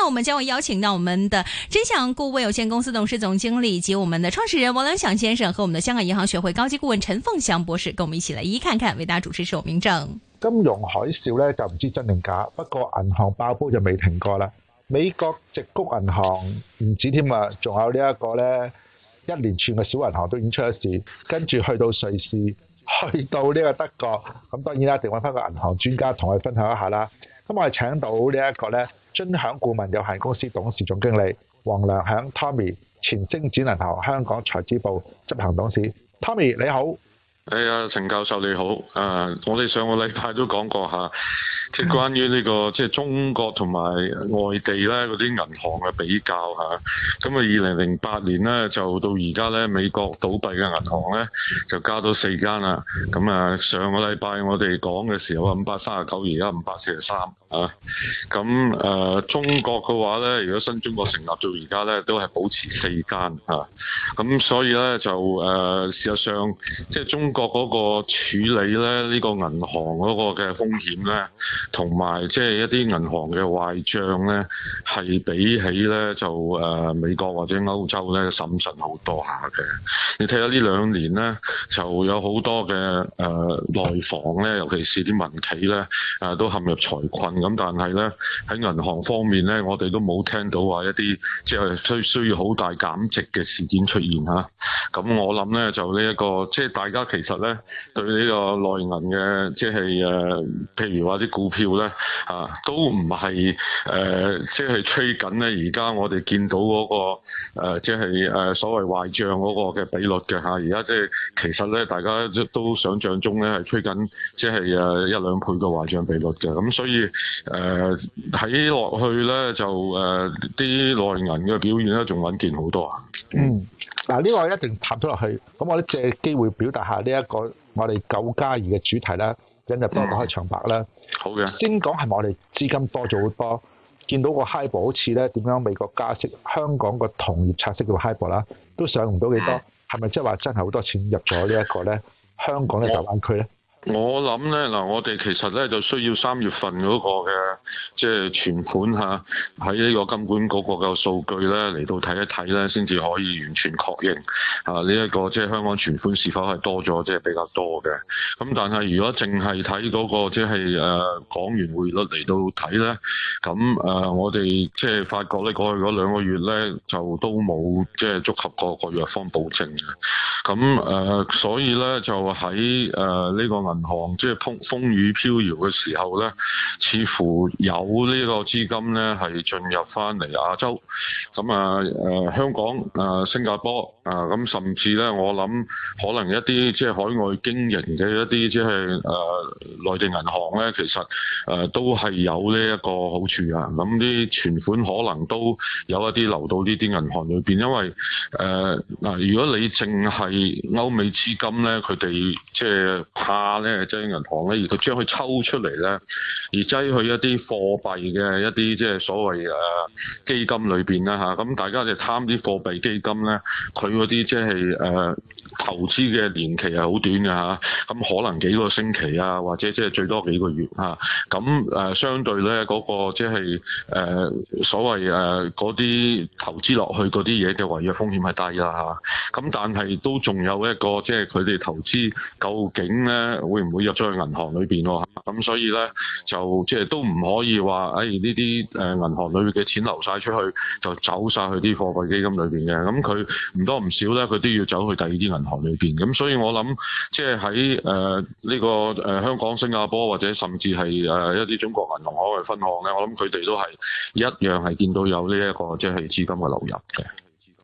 那我們將會邀請到我們的臻享顧問有限公司董事總經理以及我們的創始人王良享先生，和我們的香港銀行學會高級顧問陳鳳翔博士，跟我們一起來一看看。為大家主持是我名正。金融海嘯呢，就唔知真定假，不過銀行爆煲就未停過啦。美國直谷銀行唔止添啊，仲有呢一個呢一連串嘅小銀行都已經出咗事，跟住去到瑞士，去到呢個德國，咁當然啦，定一定揾翻個銀行專家同我哋分享一下啦。咁我哋請到呢一個呢。臻享顧問有限公司董事總經理王良享 Tommy 前星展銀行香港財資部執行董事 Tommy 你好。哎呀，程教授你好，啊，我哋上個禮拜都講過吓、啊，即係關於呢、這個即係中國同埋外地咧嗰啲銀行嘅比較吓，咁啊，二零零八年咧就到而家咧美國倒閉嘅銀行咧就加咗四間啦。咁啊，上個禮拜我哋講嘅時候 39, 43, 啊，五百三十九，而家五百四十三嚇。咁誒中國嘅話咧，如果新中國成立到而家咧，都係保持四間吓，咁、啊啊、所以咧就誒、啊、事實上即係中國。個嗰個處理咧，這個、銀呢個銀行嗰個嘅風險咧，同埋即係一啲銀行嘅壞帳咧，係比起咧就誒、呃、美國或者歐洲咧審慎好多下嘅。你睇下呢兩年咧，就有好多嘅誒內房咧，尤其是啲民企咧，誒、呃、都陷入財困咁，但係咧喺銀行方面咧，我哋都冇聽到話一啲即係需需要好大減值嘅事件出現吓。咁、啊、我諗咧就呢、這、一個即係大家其。其實咧對呢個內銀嘅即係誒，譬如話啲股票咧嚇都唔係誒，即係吹緊咧。而家我哋見到嗰個即係誒所謂壞帳嗰個嘅比率嘅嚇。而家即係其實咧，大家都想象中咧係吹緊，即係誒一兩倍嘅壞帳比率嘅。咁所以誒睇落去咧就誒啲、呃、內銀嘅表現咧仲穩健好多。嗯、嗱、這、呢個一定踏咗落去。咁我哋借機會表達下啲。呢一個我哋九加二嘅主題啦，引入多一個開場白啦、嗯。好嘅。先講係咪我哋資金多咗好多？見到個 HIBOR 好似咧點樣？美國加息，香港個同業拆息嘅 HIBOR 啦，都上唔到幾多。係咪即係話真係好多錢入咗呢一個咧？香港嘅大灣區咧？我諗咧嗱，我哋其實咧就需要三月份嗰個嘅即係存款嚇，喺、啊、呢個金管局個數據咧嚟到睇一睇咧，先至可以完全確認啊呢一、這個即係、就是、香港存款是否係多咗，即、就、係、是、比較多嘅。咁但係如果淨係睇嗰個即係誒港元匯率嚟到睇咧，咁誒、啊、我哋即係發覺咧過去嗰兩個月咧就都冇即係足夠嗰個藥方保證嘅。咁誒、啊，所以咧就喺誒呢個。銀行即係風風雨飄搖嘅時候呢，似乎有呢個資金呢係進入翻嚟亞洲。咁啊誒香港誒、啊、新加坡啊，咁甚至呢，我諗可能一啲即係海外經營嘅一啲即係誒、啊、內地銀行呢，其實誒、啊、都係有呢一個好處啊。咁啲存款可能都有一啲留到呢啲銀行裏邊，因為誒嗱、啊，如果你淨係歐美資金呢，佢哋即係怕。咧將銀行咧，而佢將佢抽出嚟咧，而擠去一啲貨幣嘅一啲即係所謂誒基金裏邊啦嚇。咁大家就貪啲貨幣基金咧，佢嗰啲即係誒、呃、投資嘅年期係好短嘅嚇，咁、啊、可能幾個星期啊，或者即係最多幾個月嚇。咁、啊、誒、啊、相對咧嗰、嗰個即係誒所謂誒嗰啲投資落去嗰啲嘢嘅違約風險係低啦嚇。咁、啊、但係都仲有一個即係佢哋投資究竟咧。會唔會入咗去銀行裏邊喎？咁所以咧，就即係都唔可以話，哎呢啲誒銀行裏邊嘅錢流晒出去，就走晒去啲貨幣基金裏邊嘅。咁佢唔多唔少咧，佢都要走去第二啲銀行裏邊。咁所以我諗，即係喺誒呢個誒、呃、香港、新加坡或者甚至係誒一啲中國銀行海外分行咧，我諗佢哋都係一樣係見到有呢、這、一個即係資金嘅流入嘅。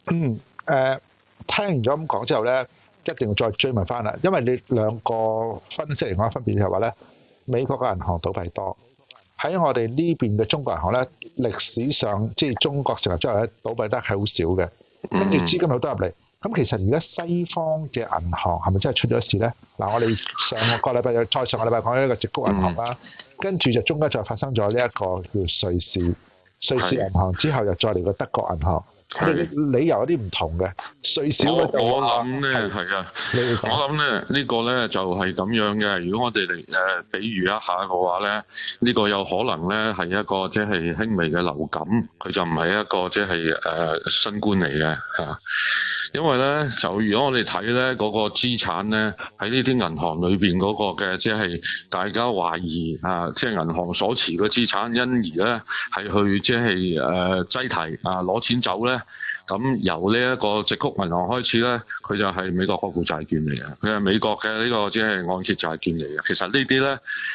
嗯誒、呃，聽完咗咁講之後咧。一定要再追問翻啦，因為你兩個分析嚟講分別就係話咧，美國嘅銀行倒閉多，喺我哋呢邊嘅中國銀行咧，歷史上即係中國成立之後咧，倒閉得係好少嘅，跟住資金好多入嚟。咁其實而家西方嘅銀行係咪真係出咗事咧？嗱，我哋上個禮拜又再上個禮拜講一個矽谷銀行啦，跟住就中間就發生咗呢一個叫瑞士瑞士銀行，之後又再嚟個德國銀行。理由有啲唔同嘅，最少我我諗咧係啊，我諗咧呢個咧就係咁樣嘅。如果我哋嚟誒比喻一下嘅話咧，呢個有可能咧係一個即係輕微嘅流感，佢就唔係一個即係誒新冠嚟嘅嚇。因為咧，就如果我哋睇咧嗰個資產咧，喺呢啲銀行裏邊嗰個嘅，即係大家懷疑啊，即係銀行所持嘅資產，因而咧係去即係誒擠提啊攞錢走咧，咁由呢一個矽谷銀行開始咧。佢就係美國國庫債券嚟嘅，佢係美國嘅呢、這個即係按揭債券嚟嘅。其實呢啲咧，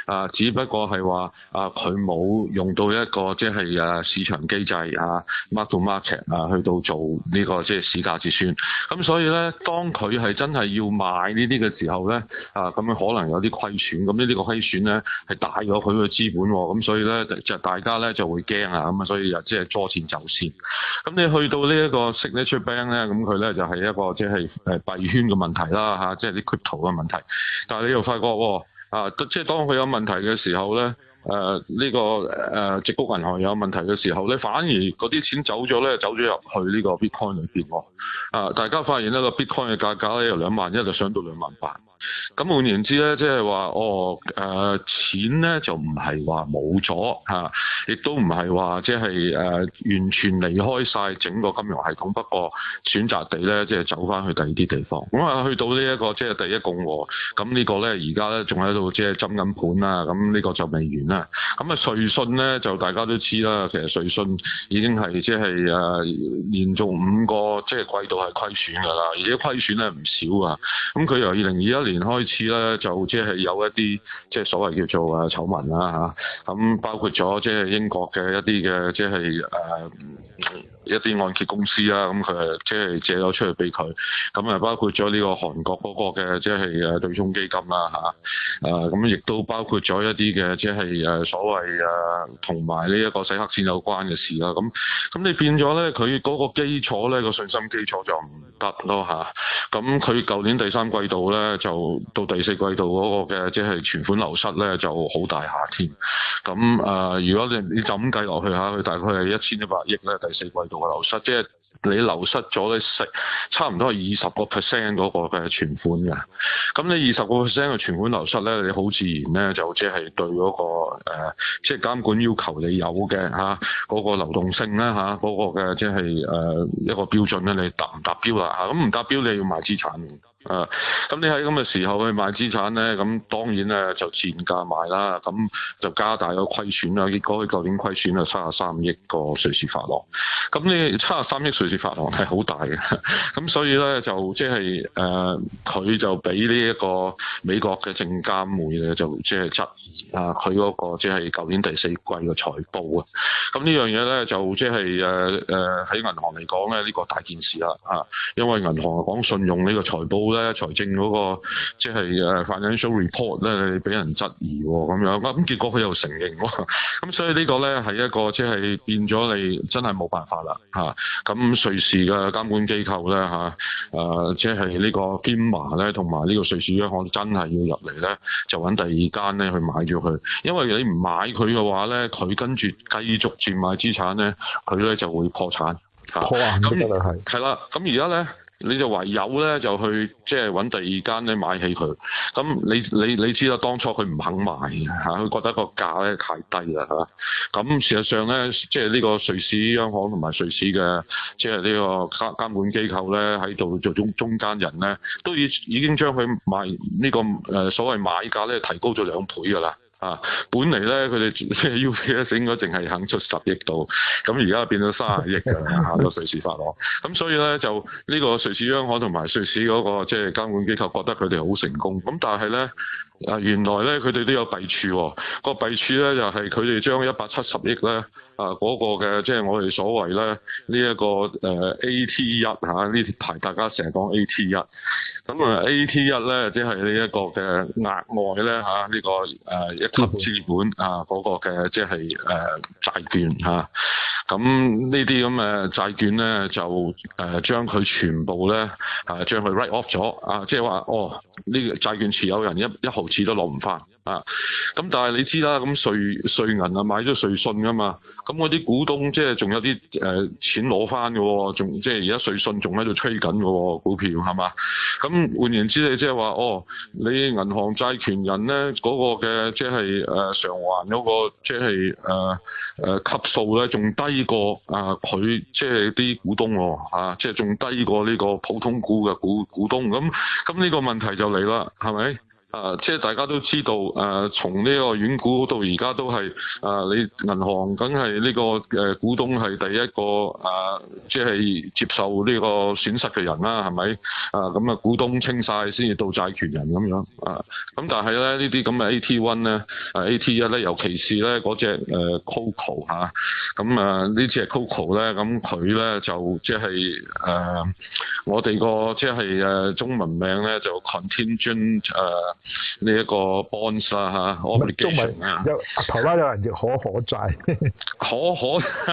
啊、呃，只不過係話啊，佢、呃、冇用到一個即係誒市場機制嚇，market market 啊，去到做呢、這個即係、就是、市價結算。咁所以咧，當佢係真係要買呢啲嘅時候咧，啊，咁樣可能有啲虧損。咁呢啲個虧損咧係大咗佢嘅資本喎。咁所以咧就大家咧就會驚啊。咁啊，所以又即係捉錢就先。咁你去到呢，呢、嗯、一個息呢出 bank 咧，咁佢咧就係一個即係。就是誒幣圈嘅問題啦嚇，即係啲 crypto 嘅問題。但係你又發覺喎，啊，即係當佢有問題嘅時候咧，誒、啊、呢、這個誒、啊、矽谷銀行有問題嘅時候咧，反而嗰啲錢走咗咧，走咗入去呢個 bitcoin 裏邊喎。啊，大家發現呢個 bitcoin 嘅價格咧，由兩萬一就上到兩萬八。咁換言之咧，即係話哦，誒、呃、錢咧就唔係話冇咗嚇，亦都唔係話即係誒完全離開晒整個金融系統，不過選擇地咧即係走翻去第二啲地方。咁啊去到呢一、這個即係、就是、第一共和，咁呢個咧而家咧仲喺度即係針緊盤啦，咁呢個就未完啦。咁、嗯、啊瑞信咧就大家都知啦，其實瑞信已經係即係誒連續五個即係季度係虧損㗎啦，而且虧損咧唔少啊。咁佢由二零二一年年開始咧，就即係有一啲即係所謂叫做啊醜聞啦吓，咁包括咗即係英國嘅一啲嘅即係誒。啊一啲按揭公司啦，咁佢即係借咗出去俾佢，咁啊包括咗呢個韓國嗰個嘅即係誒對沖基金啦嚇，啊咁亦、啊、都包括咗一啲嘅即係誒所謂誒同埋呢一個洗黑錢有關嘅事啦，咁、啊、咁你變咗咧，佢嗰個基礎咧、個信心基礎就唔得咯吓，咁佢舊年第三季度咧就到第四季度嗰個嘅即係存款流失咧就好大下添，咁啊如果你你就咁計落去嚇，佢大概係一千一百億咧第四季。流失，即係你流失咗咧，係差唔多二十個 percent 嗰個嘅存款嘅。咁你二十個 percent 嘅存款流失咧，你好自然咧、嗰個呃，就即係對嗰個即係監管要求你有嘅嚇，嗰、啊嗰個流動性啦。嚇、啊，嗰、嗰個嘅即係誒一個標準咧，你達唔達標啦嚇？咁、啊、唔達標你要賣資產。啊！咁你喺咁嘅時候去買資產咧，咁當然咧就賤價賣啦，咁就加大個虧損啦。結果佢舊年虧損啊，三十三億個瑞士法郎。咁你七十三億瑞士法郎係好大嘅，咁 所以咧就即係誒，佢、呃、就俾呢一個美國嘅證監會咧，就即係質疑啊，佢嗰個即係舊年第四季嘅財報啊。咁呢樣嘢咧就即係誒誒，喺、呃呃、銀行嚟講咧呢、呢個大件事啦嚇、啊，因為銀行啊講信用呢個財報，咧財政嗰、那個即係誒 financial report 咧，俾人質疑咁樣，咁結果佢又承認喎，咁所以呢個咧係一個即係、就是、變咗你真係冇辦法啦嚇。咁、啊、瑞士嘅監管機構咧嚇誒，即、啊、係、就是、呢個 FINMA 咧同埋呢個瑞士咧，我真係要入嚟咧就揾第二間咧去買咗佢，因為你唔買佢嘅話咧，佢跟住繼續轉賣資產咧，佢咧就會破產嚇。啊、破案咁嘅就係啦，咁而家咧。你就唯有咧就去即係揾第二間咧買起佢，咁你你你知道當初佢唔肯賣嘅嚇，佢、啊、覺得個價咧太低啦嚇。咁、啊、事實上咧，即係呢個瑞士央行同埋瑞士嘅即係呢個監監管機構咧，喺度做中中間人咧，都已已經將佢、這個呃、賣呢個誒所謂買價咧提高咗兩倍㗎啦。啊，本嚟咧佢哋即係 UBS 應該淨係肯出十億度，咁而家變 到卅億㗎啦，行咗瑞士法郎。咁所以咧就呢個瑞士央行同埋瑞士嗰個即係監管機構覺得佢哋好成功。咁但係咧啊，原來咧佢哋都有弊處、哦。個弊處咧就係佢哋將一百七十億咧。啊，嗰、那個嘅即係我哋所謂咧，呢、這個呃啊、一個誒 A T 一嚇，呢排大家成日講 A T 一，咁啊 A T 一咧，即係呢一個嘅額外咧嚇，呢個誒一級資本啊嗰、那個嘅即係誒債券嚇，咁、啊、呢啲咁嘅債券咧就誒將佢全部咧啊將佢 write off 咗啊，即係話哦呢、這個債券持有人一一毫錢都攞唔翻啊，咁、啊、但係你知啦，咁稅稅銀啊買咗稅信噶嘛。咁嗰啲股東即係仲有啲誒、呃、錢攞翻嘅喎，仲即係而家瑞信仲喺度吹緊嘅喎，股票係嘛？咁換言之，你即係話哦，你銀行債權人咧嗰、那個嘅即係誒償還嗰個即係誒誒級數咧，仲低過啊佢、呃、即係啲股東喎、哦啊、即係仲低過呢個普通股嘅股股東。咁咁呢個問題就嚟啦，係咪？啊，即係大家都知道，誒、啊，從呢個遠古到而家都係，誒、啊，你銀行梗係呢個誒、呃、股東係第一個，誒、啊，即係接受呢個損失嘅人啦，係咪？啊，咁、嗯、啊，股東清晒先至到債權人咁樣，啊，咁但係咧呢啲咁嘅 AT1 咧、啊、AT1 咧，尤其是咧嗰隻誒 Coco 嚇，咁、呃、啊、嗯、啊隻 CO CO 呢隻 Coco 咧，咁佢咧就即係誒、啊，我哋個即係誒、啊、中文名咧就 Contingent 誒、啊。呢一個 bonus 啊 operation，啊，有台灣有人叫可可債，可可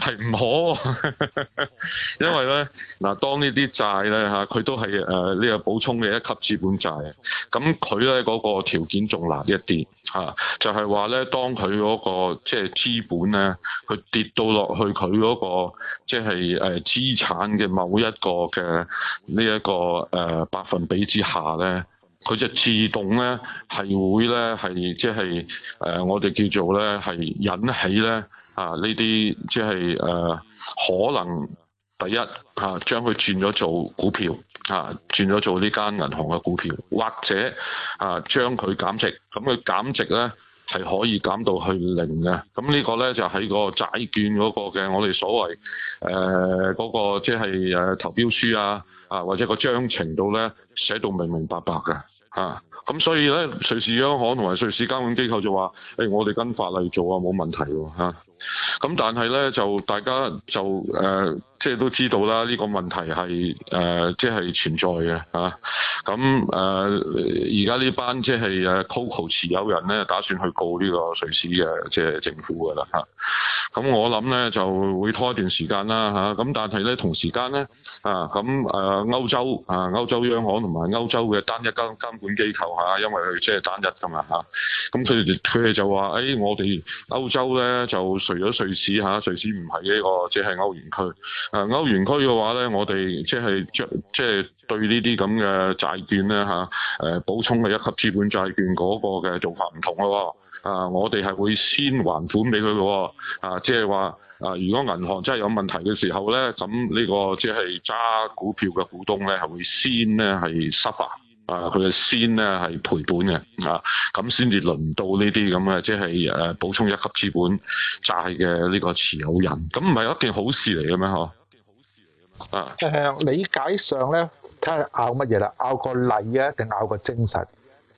係唔可，因為咧嗱，當債呢啲債咧吓，佢都係誒呢個補充嘅一級資本債、那個、啊，咁佢咧嗰個條件仲難一啲吓，就係話咧當佢嗰個即係資本咧，佢跌到落去佢嗰、那個即係誒資產嘅某一個嘅呢一個誒、呃、百分比之下咧。佢就自動咧係會咧係即係誒，我哋叫做咧係引起咧啊呢啲即係誒可能第一嚇、啊、將佢轉咗做股票嚇、啊、轉咗做呢間銀行嘅股票，或者啊，啊將佢減值，咁、嗯、佢減值咧係可以減到去零嘅。咁、嗯這個、呢、就是、個咧就喺個債券嗰個嘅我哋所謂誒嗰、呃那個即係誒投標書啊啊或者個章程度咧寫到明明白白嘅。啊，咁所以咧，瑞士央行同埋瑞士監管機構就話，誒、哎，我哋跟法例做啊，冇問題喎，咁但係咧，就大家就誒、呃，即係都知道啦，呢、這個問題係誒、呃，即係存在嘅，嚇、啊。咁、啊、誒，而家呢班即係誒，Coco 持有人咧，打算去告呢個瑞士嘅即係政府㗎啦，嚇、啊。咁我諗咧就會拖一段時間啦，嚇、啊。咁但係咧，同時間咧。啊，咁、啊、誒，歐洲啊，歐洲央行同埋歐洲嘅單一監監管機構嚇、啊，因為佢即係單一㗎嘛嚇。咁佢哋佢哋就話誒、哎，我哋歐洲咧就除咗瑞士嚇，瑞士唔係呢個即係、就是、歐元區。誒、啊、歐元區嘅話咧，我哋即係著即係對呢啲咁嘅債券咧嚇，誒、啊呃、補充嘅一級資本債券嗰個嘅做法唔同咯。啊，我哋係會先還款俾佢嘅。啊，即係話。啊！如果銀行真係有問題嘅時候咧，咁呢個即係揸股票嘅股東咧，係會先咧係失敗，啊佢係先咧係賠本嘅，啊咁先至輪到呢啲咁嘅即係誒補充一級資本債嘅呢個持有人，咁唔係一件好事嚟嘅咩？嗬、嗯？一件好事嚟嘅咩？啊？誒理解上咧，睇下拗乜嘢啦，拗個例啊，定拗個精神？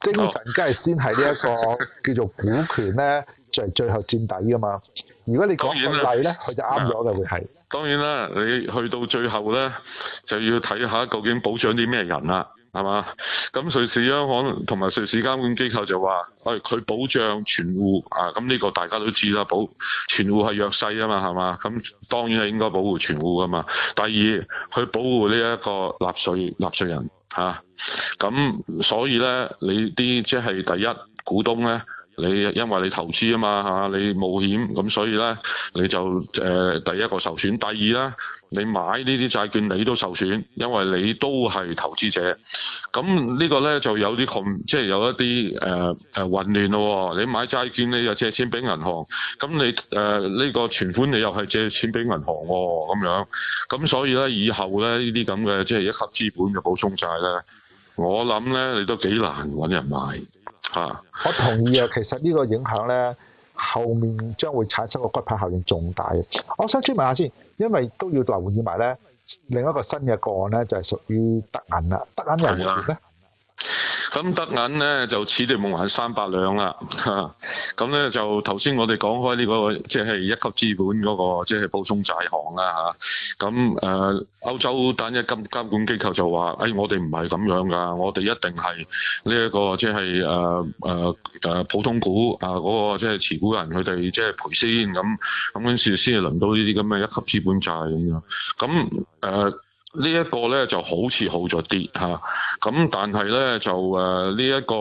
精神即係先係呢一個 叫做股權咧，最最後佔底噶嘛？如果你講案例咧，佢就啱咗就會係。當然啦，你去到最後咧，就要睇下究竟保障啲咩人啦，係嘛？咁瑞士央行同埋瑞士監管機構就話：誒、哎，佢保障存戶啊，咁呢個大家都知啦，保存戶係弱勢啊嘛，係嘛？咁當然係應該保護存戶噶嘛。第二，佢保護呢一個納稅納稅人，嚇、啊。咁所以咧，你啲即係第一股東咧。你因為你投資嘛啊嘛嚇，你冒險咁，所以咧你就誒、呃、第一個受損，第二咧你買呢啲債券你都受損，因為你都係投資者。咁呢個咧就有啲咁，即係有一啲誒誒混亂咯、哦。你買債券你又借錢俾銀行，咁你誒呢、呃呢個存款你又係借錢俾銀行喎、哦，咁樣。咁所以咧以後咧呢啲咁嘅即係一級資本嘅補充債咧，我諗咧你都幾難揾人買。啊！我同意啊，其實呢個影響咧，後面將會產生個骨牌效應，仲大。我想先問下先，因為都要留意埋咧，另一個新嘅個案咧就係屬於德銀啦，德銀有冇跌咧？咁德銀咧就此地無銀三百兩啦，咁、啊、咧就頭先我哋講開呢、這個即係、就是、一級資本嗰、那個即係、就是、補充債項啦吓，咁誒歐洲單一金監管機構就話：誒、哎，我哋唔係咁樣噶，我哋一定係呢一個即係誒誒誒普通股啊嗰、那個即係持股人佢哋即係賠先咁，咁樣先先係輪到呢啲咁嘅一級資本債咁樣，咁、啊、誒。呢一個咧就好似好咗啲嚇，咁、啊、但係咧就誒呢一個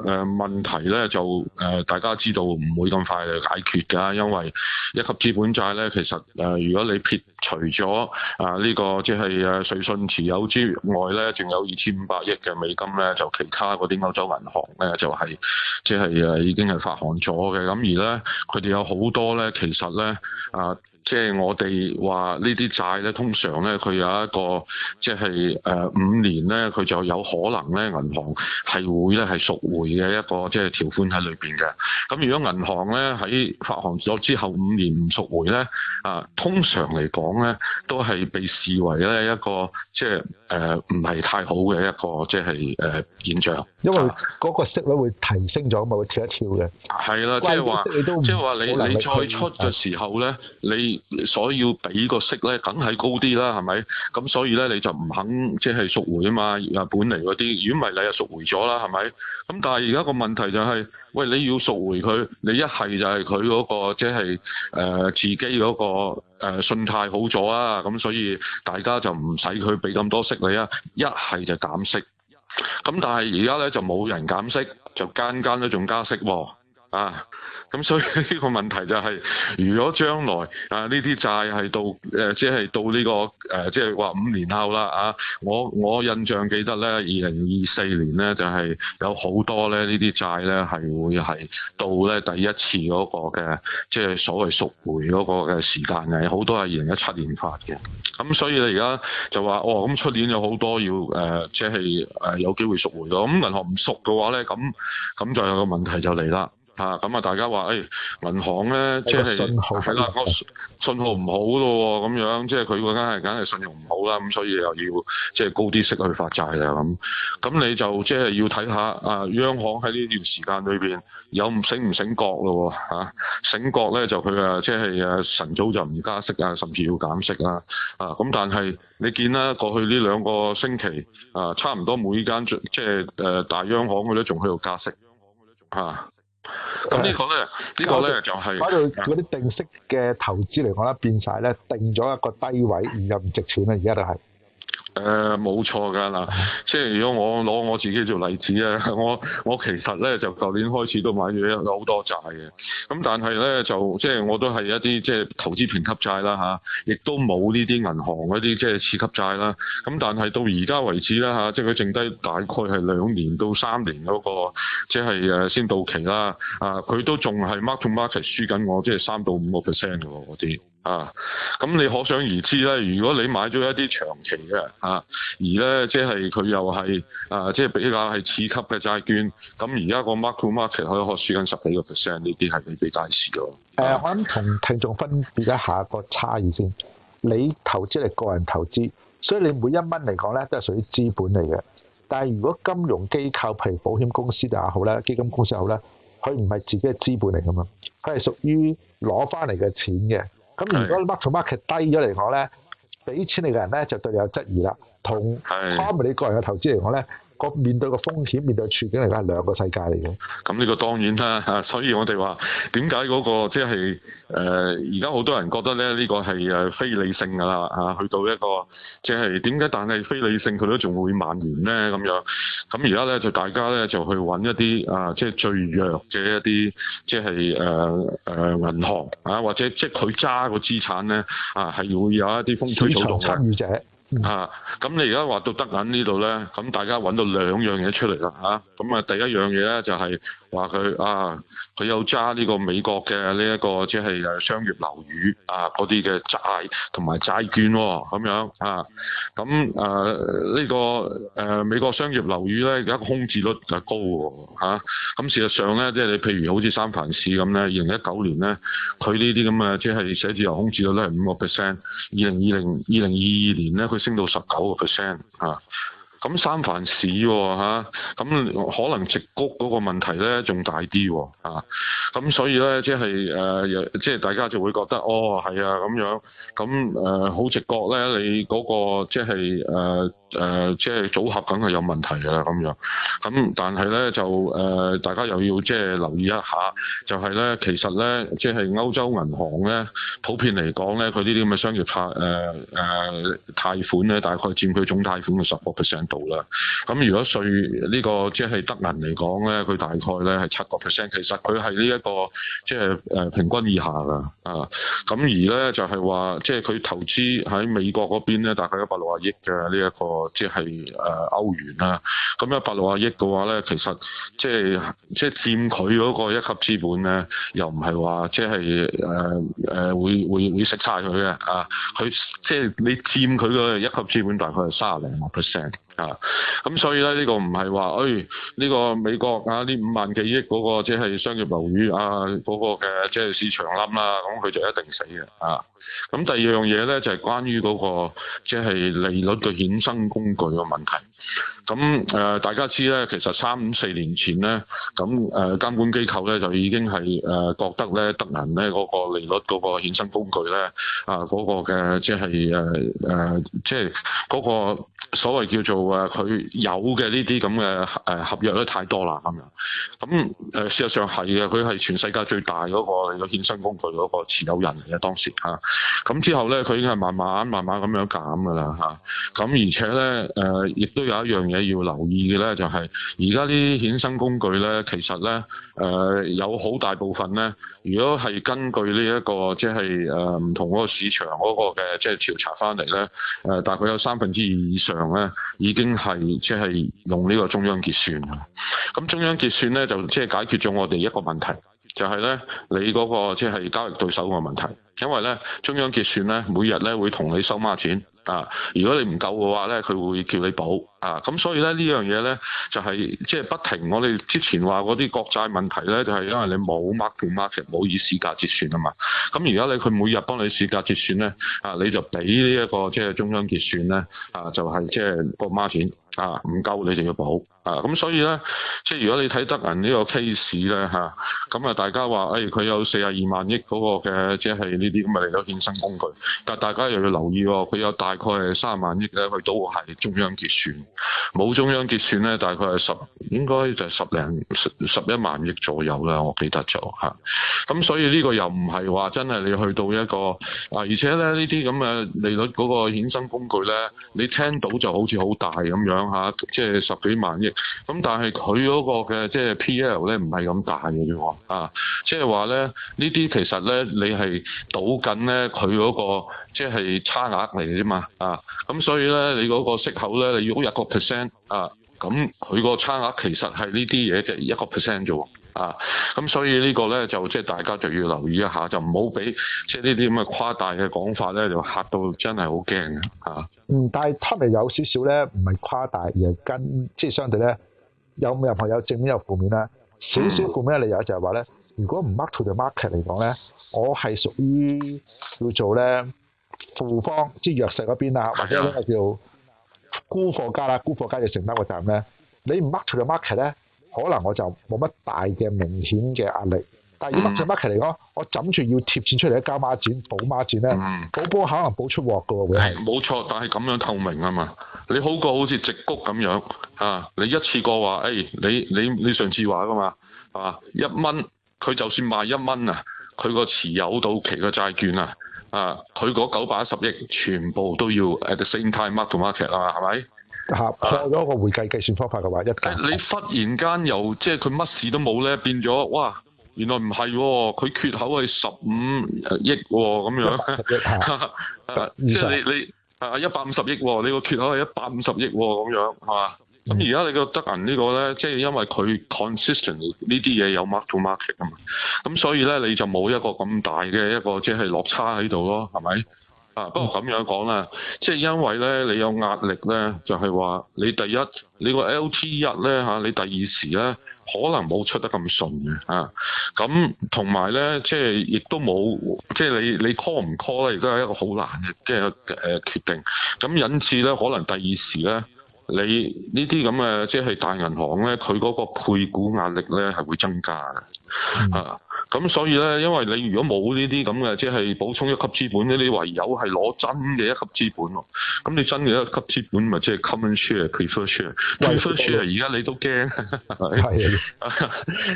誒問題咧就誒、呃、大家知道唔會咁快嚟解決㗎，因為一級資本債咧其實誒、呃、如果你撇除咗啊呢、呢個即係誒瑞信持有之外咧，仲有二千五百億嘅美金咧，就其他嗰啲歐洲銀行咧就係即係誒已經係發行咗嘅，咁而咧佢哋有好多咧其實咧啊～即係我哋話呢啲債咧，通常咧佢有一個即係誒五年咧，佢就有可能咧銀行係會咧係贖回嘅一個即係條款喺裏邊嘅。咁如果銀行咧喺發行咗之後五年唔贖回咧，啊通常嚟講咧都係被視為咧一個即係誒唔係太好嘅一個即係誒、呃、現象。因為嗰個息率會提升咗，咪會跳一跳嘅。係啦，即係話即係話你、啊、你，你再出嘅時候咧，你。所以要俾個息咧，梗係高啲啦，係咪？咁所以咧，你就唔肯即係贖回啊嘛？啊，本嚟嗰啲，如果唔係你又贖回咗啦，係咪？咁但係而家個問題就係、是，喂，你要贖回佢，你一係就係佢嗰個即係誒、呃、自己嗰、嗰個、呃、信貸好咗啊，咁所以大家就唔使佢俾咁多息你啊，一係就減息。咁但係而家咧就冇人減息，就間間都仲加息喎、啊。啊！咁所以呢個問題就係、是，如果將來啊呢啲債係到誒，即、呃、係、就是、到呢、這個誒，即係話五年後啦啊！我我印象記得咧，二零二四年咧就係、是、有好多咧呢啲債咧係會係到咧第一次嗰個嘅即係所謂贖回嗰個嘅時間嘅，好多係二零一七年發嘅。咁所以你而家就話哦咁出年有好多要誒，即係誒有機會贖回，咁銀行唔贖嘅話咧，咁咁就有個問題就嚟啦。啊！咁啊，大家話誒、哎、銀行咧，即係係啦，個、哎、信號唔、啊、好咯喎，咁樣即係佢嗰間係梗係信用唔好啦，咁所以又要即係高啲息去發債啊咁。咁你就即係要睇下啊，央行喺呢段時間裏邊有唔醒唔醒覺咯喎、啊，醒覺咧就佢啊，即係啊晨早就唔加息啊，甚至要減息啊。啊咁，但係你見啦，過去呢兩個星期啊，差唔多每間即係誒、啊、大央行佢都仲喺度加息，嚇、啊。咁、嗯、呢、呢個咧，個呢個咧就係嗰度嗰啲定息嘅投資嚟講咧，變晒咧定咗一個低位，唔又唔值錢啦，而家都係。誒冇錯㗎嗱，即係如果我攞我自己做例子啊，我我其實咧就舊年開始都買咗好多債嘅，咁但係咧就即係我都係一啲即係投資評級債啦嚇，亦都冇呢啲銀行嗰啲即係次級債啦，咁但係到而家為止啦嚇，即係佢剩低大概係兩年到三年嗰個，即係誒先到期啦，啊佢都仲係 mark to market 輸緊我，即係三到五個 percent 嘅喎嗰啲。啊！咁你可想而知咧。如果你買咗一啲長期嘅啊，而咧即係佢又係啊，即係比較係次級嘅債券。咁而家個 market market 可以學輸緊十幾個 percent，呢啲係幾幾大事咯。誒、啊呃，我諗同聽眾分別一下個差異先。你投資係個人投資，所以你每一蚊嚟講咧都係屬於資本嚟嘅。但係如果金融機構、譬如保險公司就好咧，基金公司好咧，佢唔係自己嘅資本嚟㗎嘛，佢係屬於攞翻嚟嘅錢嘅。咁如果 market market 低咗嚟講咧，俾錢你嘅人咧就對你有質疑啦，同包括你個人嘅投資嚟講咧。面對個風險，面對嘅前景嚟講係兩個世界嚟嘅。咁呢個當然啦嚇，所以我哋話點解嗰個即係誒而家好多人覺得咧呢個係誒非理性㗎啦嚇，去到一個即係點解？就是、但係非理性佢都仲會蔓延咧咁樣。咁而家咧就大家咧就去揾一啲啊，即、就、係、是、最弱嘅一啲，即係誒誒銀行啊，或者即係佢揸個資產咧啊，係會有一啲風吹草動嘅參與者。吓，咁、嗯啊、你而家話到德銀呢度咧，咁大家揾到兩樣嘢出嚟啦吓，咁啊第一樣嘢咧就係、是。話佢啊，佢有揸呢個美國嘅呢一個即係誒商業樓宇啊，嗰啲嘅債同埋債券喎、哦，咁樣啊，咁誒呢個誒、啊、美國商業樓宇咧，有一個空置率就高喎嚇咁、啊啊、事實上咧，即係你譬如好似三藩市咁咧，二零一九年咧，佢呢啲咁嘅即係寫字樓空置率咧係五個 percent，二零二零二零二二年咧，佢升到十九個 percent 啊。咁三藩市喎、啊、嚇，咁、啊、可能直谷嗰個問題咧仲大啲喎，咁所以咧即係誒、呃、即係大家就會覺得哦係啊咁樣，咁誒好直覺咧你嗰、那個即係誒誒即係組合梗係有問題嘅啦，咁樣，咁但係咧就誒、呃、大家又要即係留意一下，就係、是、咧其實咧即係歐洲銀行咧普遍嚟講咧佢呢啲咁嘅商業貸誒誒貸款咧大概佔佢總貸款嘅十個 percent。度啦。咁、嗯、如果稅、這個、呢個即係德銀嚟講咧，佢大概咧係七個 percent。其實佢係呢一個即係誒、呃、平均以下㗎啊。咁而咧就係、是、話，即係佢投資喺美國嗰邊咧，大概一百六啊億嘅呢一個即係誒、呃、歐元啦。咁一百六啊億嘅話咧，其實即係即係佔佢嗰個一級資本咧，又唔係話即係誒誒會會會食曬佢嘅啊。佢即係你佔佢嘅一級資本，大概係三啊零個 percent。啊，咁所以咧呢、這個唔係話，誒、哎、呢、這個美國啊呢五萬幾億嗰個即係商業樓宇啊嗰、那個嘅即係市場冧啦，咁、啊、佢就一定死嘅啊。咁、啊、第二樣嘢咧就係、是、關於嗰個即係利率嘅衍生工具嘅問題。咁誒，大家知咧，其實三五四年前咧，咁誒監管機構咧就已經係誒覺得咧，德銀咧嗰個利率嗰個衍生工具咧啊嗰個嘅即係誒誒，即係嗰個所謂叫做啊，佢有嘅呢啲咁嘅誒合約咧太多啦咁樣。咁誒事實上係嘅，佢係全世界最大嗰個衍生工具嗰個持有人嚟嘅當時嚇。咁之後咧，佢已經係慢慢慢慢咁樣減㗎啦嚇。咁而且咧誒，亦都有。有一樣嘢要留意嘅咧，就係而家啲衍生工具咧，其實咧，誒、呃、有好大部分咧，如果係根據呢、這、一個即係誒唔同嗰個市場嗰個嘅即係調查翻嚟咧，誒、呃，大概有三分之二以上咧，已經係即係用呢個中央結算。咁中央結算咧，就即係解決咗我哋一個問題，就係、是、咧，你嗰、那個即係交易對手個問題，因為咧中央結算咧，每日咧會同你收孖錢。啊！如果你唔夠嘅話咧，佢會叫你補。啊，咁所以咧，呢樣嘢咧就係即係不停。我哋之前話嗰啲國債問題咧，就係、是、因為你冇 market market，唔好以市價折算啊嘛。咁而家你佢每日幫你市價折算咧，啊你就俾呢一個即係、就是、中央結算咧，啊就係即係個 market。啊，唔夠你哋要補啊！咁所以咧，即係如果你睇德銀呢個 case 咧吓，咁啊大家話誒佢有四十二萬億嗰個嘅，即係呢啲咁嘅利率衍生工具，但係大家又要留意喎、哦，佢有大概係三萬億咧，佢都係中央結算，冇中央結算咧，大概係十應該就係十零十十一萬億左右啦，我記得咗吓，咁、啊啊、所以呢個又唔係話真係你去到一個啊，而且咧呢啲咁嘅利率嗰個衍生工具咧，你聽到就好似好大咁樣。下、啊、即係十幾萬億，咁、嗯、但係佢嗰個嘅即係 P.L 咧，唔係咁大嘅啫喎，啊，即係話咧呢啲其實咧，你係賭緊咧佢嗰個即係、就是、差額嚟嘅啫嘛，啊，咁所以咧你嗰個息口咧，你如果一個 percent 啊，咁佢個差額其實係呢啲嘢嘅一個 percent 啫喎，啊，咁、就是啊啊、所以個呢個咧就即係大家就要留意一下，就唔好俾即係呢啲咁嘅誇大嘅講法咧，就嚇到真係好驚嘅嚇。啊。嗯，但係佢咪有少少咧，唔係誇大，而係跟即係相對咧，有冇任何有正面有負面啦。少少負面嘅理由就係話咧，如果唔 mark to the market 嚟講咧，我係屬於叫做咧負方，即係弱勢嗰邊啦，或者係叫沽貨家啦，沽貨家就承擔個責任咧。你唔 mark to the market 咧，可能我就冇乜大嘅明顯嘅壓力。但係以 mark 嚟講，我枕住要貼錢出嚟加孖展、補孖展咧，保波可能保出鑊噶喎，嗯、會係冇錯，但係咁樣透明啊嘛！你好過好似直谷咁樣啊！你一次過話誒，你你你上次話噶嘛啊一蚊，佢就算賣一蚊啊，佢個持有到期嘅債券啊啊，佢嗰九百一十億全部都要 at the same time market market 啊，係咪、啊？合錯咗個會計計算方法嘅話，一間、啊、你忽然間又，即係佢乜事都冇咧，變咗哇！哇原來唔係喎，佢缺口係十五億喎，咁樣， 啊、思即係你你啊一百五十億喎，你個、哦、缺口係一百五十億喎，咁樣係嘛？咁而家你個德銀呢個咧，即係因為佢 consistent 呢啲嘢有 mark to market 啊嘛，咁所以咧你就冇一個咁大嘅一個即係落差喺度咯，係咪？啊，不過咁樣講啊，嗯、即係因為咧你有壓力咧，就係、是、話你第一，你個 LT 一咧嚇，你第二時咧。可能冇出得咁順嘅啊，咁同埋咧，即係亦都冇，即係你你 call 唔 call 咧，亦都係一個好難嘅即係誒決定。咁、啊、引致咧，可能第二時咧，你呢啲咁嘅即係大銀行咧，佢嗰個配股壓力咧係會增加嘅。嗯、啊，咁所以咧，因為你如果冇呢啲咁嘅，即係補充一級資本咧，你唯有係攞真嘅一級資本喎。咁你真嘅一級資本咪即係 common share, share 喂、prefer share、prefer share，而家你都驚。係。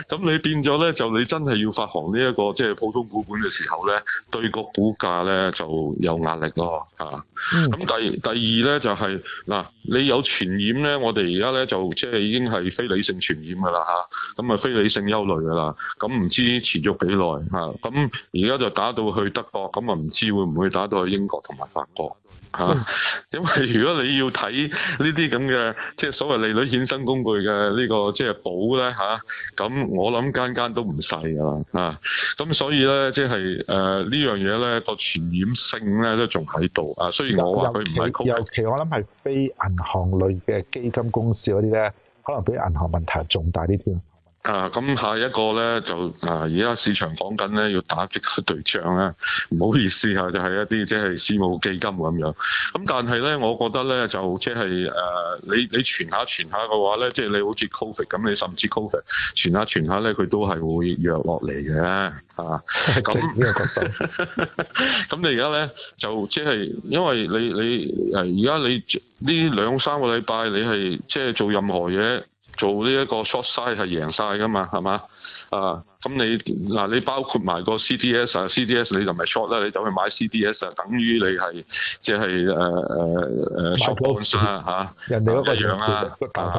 咁你變咗咧，就你真係要發行呢一個即係普通股本嘅時候咧，對個股價咧就有壓力咯。啊。咁、嗯、第第二咧就係嗱，你有傳染咧，我哋而家咧就即係已經係非理性傳染噶啦嚇，咁啊非理性憂慮噶啦。咁唔知持續幾耐嚇，咁而家就打到去德國，咁啊唔知會唔會打到去英國同埋法國嚇？啊嗯、因為如果你要睇呢啲咁嘅，即係所謂利率衍生工具嘅呢、這個即係保咧嚇，咁、啊、我諗間間都唔細㗎啦嚇。咁、啊、所以咧，即係誒、呃這個、呢樣嘢咧，這個傳染性咧都仲喺度啊。雖然我話佢唔係曲。尤其我諗係非銀行類嘅基金公司嗰啲咧，可能比銀行問題仲大啲添。啊，咁下一個咧就啊，而家市場講緊咧要打擊對象咧，唔好意思嚇，就係一啲即係私募基金咁樣。咁但係咧，我覺得咧就即係誒，你你傳下傳下嘅話咧，即係你好似 Covid 咁，你甚至 Covid 傳下傳下咧，佢都係會弱落嚟嘅。啊，咁咁，啊， 你而家咧就即係因為你你誒而家你呢兩三個禮拜你係即係做任何嘢。做呢一個 short side 係贏晒噶嘛，係嘛？啊、uh.！咁你嗱你包括埋個 CDS 啊 CDS 你，你就咪 short 啦，你走去買 CDS 啊，等於你係即係誒誒誒 short 啦嚇，唔一樣啊，咁、啊、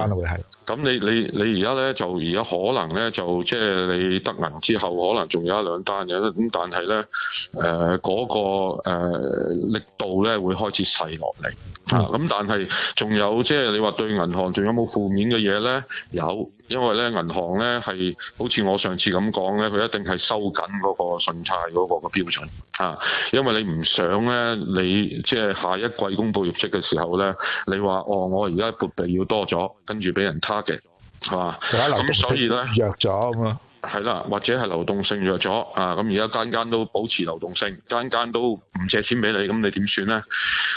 係你你你而家咧就而家可能咧就即係你得銀之後，可能仲有一兩單嘅，咁但係咧誒嗰個誒、呃、力度咧會開始細落嚟嚇，咁、啊啊、但係仲有即係、就係、你話對銀行仲有冇負面嘅嘢咧？有，因為咧銀行咧係好似我上次咁。講咧，佢一定係收緊嗰個信貸嗰個嘅標準、啊、因為你唔想咧，你即係下一季公布業績嘅時候咧，你話哦，我而家撥備要多咗，跟住俾人 target 係嘛，咁、啊啊、所以咧弱咗咁啊。係啦，或者係流動性弱咗啊！咁而家間間都保持流動性，間間都唔借錢俾你，咁你點算咧？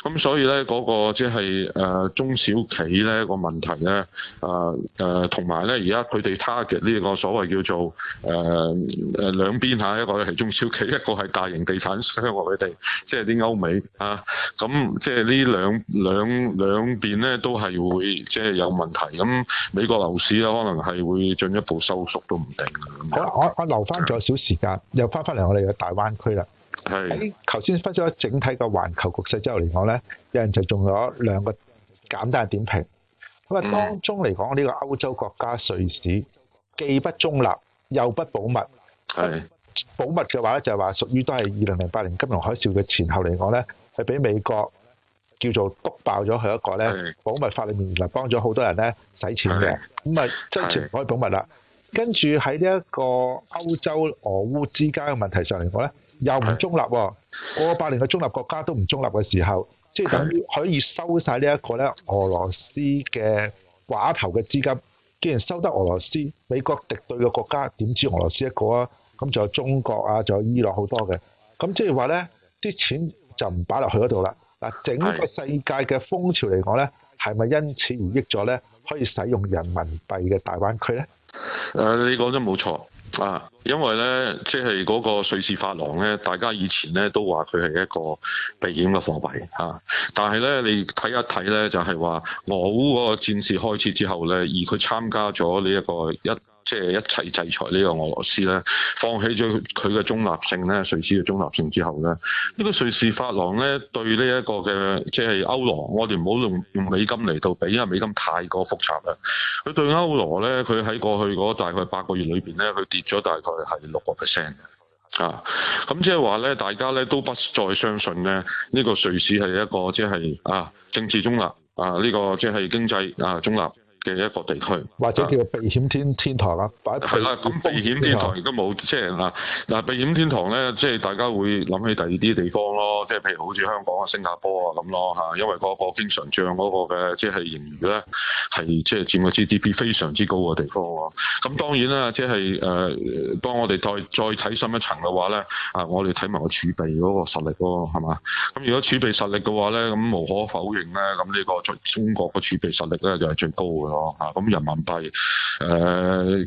咁所以咧，嗰、那個即係誒中小企咧、那個問題咧，誒誒同埋咧，而家佢哋 target 呢他 tar 個所謂叫做誒誒、呃、兩邊嚇，一個係中小企，一個係大型地產商，佢哋即係啲歐美啊，咁即係呢兩兩兩邊咧都係會即係、就是、有問題。咁美國樓市咧可能係會進一步收縮都唔定。好啦，我我留翻咗少時間，又翻返嚟我哋嘅大灣區啦。係的。喺頭先分析咗整體嘅環球局勢之後嚟講咧，有人就做咗兩個簡單嘅點評。咁啊的，當中嚟講呢個歐洲國家瑞士，既不中立又不保密。係的。保密嘅話咧，就係話屬於都係二零零八年金融海嘯嘅前後嚟講咧，係俾美國叫做篤爆咗佢一個咧的保密法裏面原來幫咗好多人咧洗錢嘅。咁啊的，即係唔可以保密啦。跟住喺呢一個歐洲俄烏之間嘅問題上嚟講咧，又唔中立喎、啊。過百年嘅中立國家都唔中立嘅時候，即係等於可以收晒呢一個咧俄羅斯嘅寡頭嘅資金。既然收得俄羅斯美國敵對嘅國家，點知俄羅斯一個啊？咁仲有中國啊，仲有伊朗好多嘅。咁即係話咧啲錢就唔擺落去嗰度啦。嗱，整個世界嘅風潮嚟講咧，係咪因此而益咗咧？可以使用人民幣嘅大灣區咧？誒、呃，你講得冇錯啊，因為咧，即係嗰個瑞士法郎咧，大家以前咧都話佢係一個避險嘅貨幣啊。但係咧，你睇一睇咧，就係話俄烏嗰個戰事開始之後咧，而佢參加咗呢一個一。即係一切制裁呢個俄羅斯咧，放棄咗佢嘅中立性咧，瑞士嘅中立性之後咧，呢個瑞士法郎咧對呢一個嘅即係歐羅，我哋唔好用用美金嚟到比，因為美金太過複雜啦。佢對歐羅咧，佢喺過去嗰大概八個月裏邊咧，佢跌咗大概係六個 percent 啊。咁即係話咧，大家咧都不再相信咧呢個瑞士係一個即係啊政治中立啊呢個即係經濟啊中立嘅一個地區，或者叫避險天天堂啊，係啦，咁避險天堂亦都冇即係啊嗱避險天堂咧，即係、嗯、大家會諗起第二啲地方咯，即係譬如好似香港啊、新加坡啊咁咯嚇，因為個個經常帳嗰個嘅即係盈餘咧係即係佔個 GDP 非常之高嘅地方喎。咁當然啦，即係誒當我哋再再睇深一層嘅話咧，啊我哋睇埋個儲備嗰個實力咯，係嘛？咁如果儲備實力嘅話咧，咁無可否認咧，咁呢個中國個儲備實力咧就係最高嘅。咯吓咁，人民幣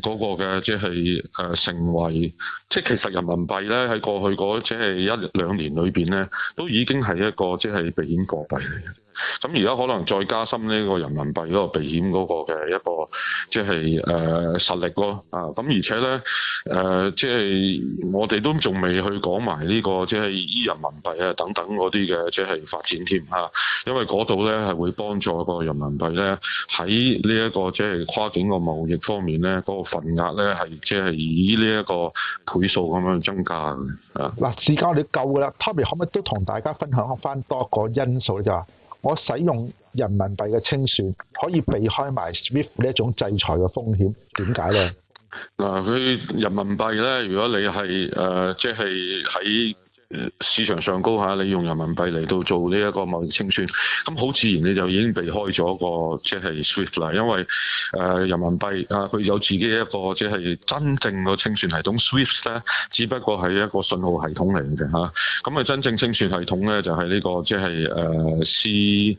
誒嗰個嘅即係誒成為，即係其實人民幣咧喺過去嗰即係一兩年裏邊咧，都已經係一個，即係避險貨幣嚟嘅。咁而家可能再加深個個個、就是呃啊、呢、呃就是個人等等啊、呢個人民幣嗰個避險嗰個嘅一個，即係誒實力咯啊！咁而且咧誒，即係我哋都仲未去講埋呢個即係依人民幣啊等等嗰啲嘅，即係發展添嚇。因為嗰度咧係會幫助個人民幣咧喺呢一個即係跨境個貿易方面咧，嗰，那個份額咧係即係以呢一個倍數咁樣增加嘅嚇。嗱時間你哋夠㗎啦，Tommy 可唔可以都同大家分享返多個因素咧？就話，我使用人民幣嘅清算，可以避開埋 Swift 呢一種制裁嘅風險，點解咧？嗱，佢人民幣咧，如果你係誒，即係喺。就是是市場上高嚇，你用人民幣嚟到做呢一個貿易清算，咁好自然你就已經避開咗個即係 SWIFT 啦。因為誒、呃、人民幣啊，佢有自己一個即係真正嘅清算系統 SWIFT 咧，只不過係一個信號系統嚟嘅嚇。咁啊，那個、真正清算系統咧就係呢個即係誒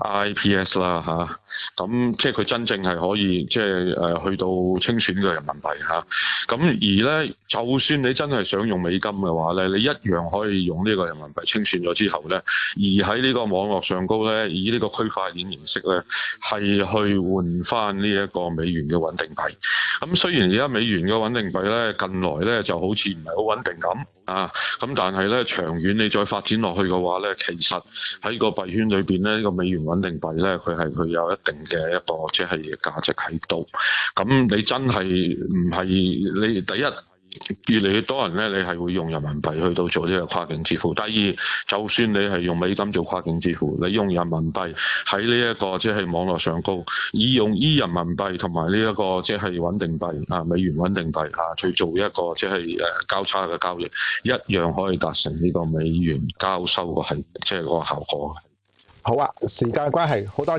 CIPS 啦嚇。呃 C I P S，啊咁、嗯、即係佢真正係可以即係誒、呃、去到清算嘅人民幣嚇，咁、啊、而咧就算你真係想用美金嘅話咧，你一樣可以用呢個人民幣清算咗之後咧，而喺呢個網絡上高咧，以呢個區塊鏈形式咧係去換翻呢一個美元嘅穩定幣。咁、嗯、雖然而家美元嘅穩定幣咧近來咧就好似唔係好穩定咁。啊，咁但係咧，長遠你再發展落去嘅話咧，其實喺個幣圈裏邊咧，呢個美元穩定幣咧，佢係佢有一定嘅一個即係價值喺度。咁、嗯、你真係唔係你第一。越嚟越多人咧，你係會用人民幣去到做呢個跨境支付。第二，就算你係用美金做跨境支付，你用人民幣喺呢一個即係網絡上高，以用於、e、人民幣同埋呢一個即係穩定幣啊，美元穩定幣啊，去做一個即係誒交叉嘅交易，一樣可以達成呢個美元交收嘅係即係嗰個效果。好啊，時間關係，好多謝